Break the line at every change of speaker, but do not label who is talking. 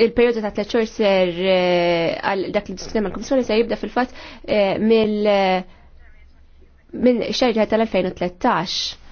il-periodu ta' tliet ser eh, għal dak li diskutem mal-Komissjoni se jibda fil-fatt eh, mill eh, minn tal-2013.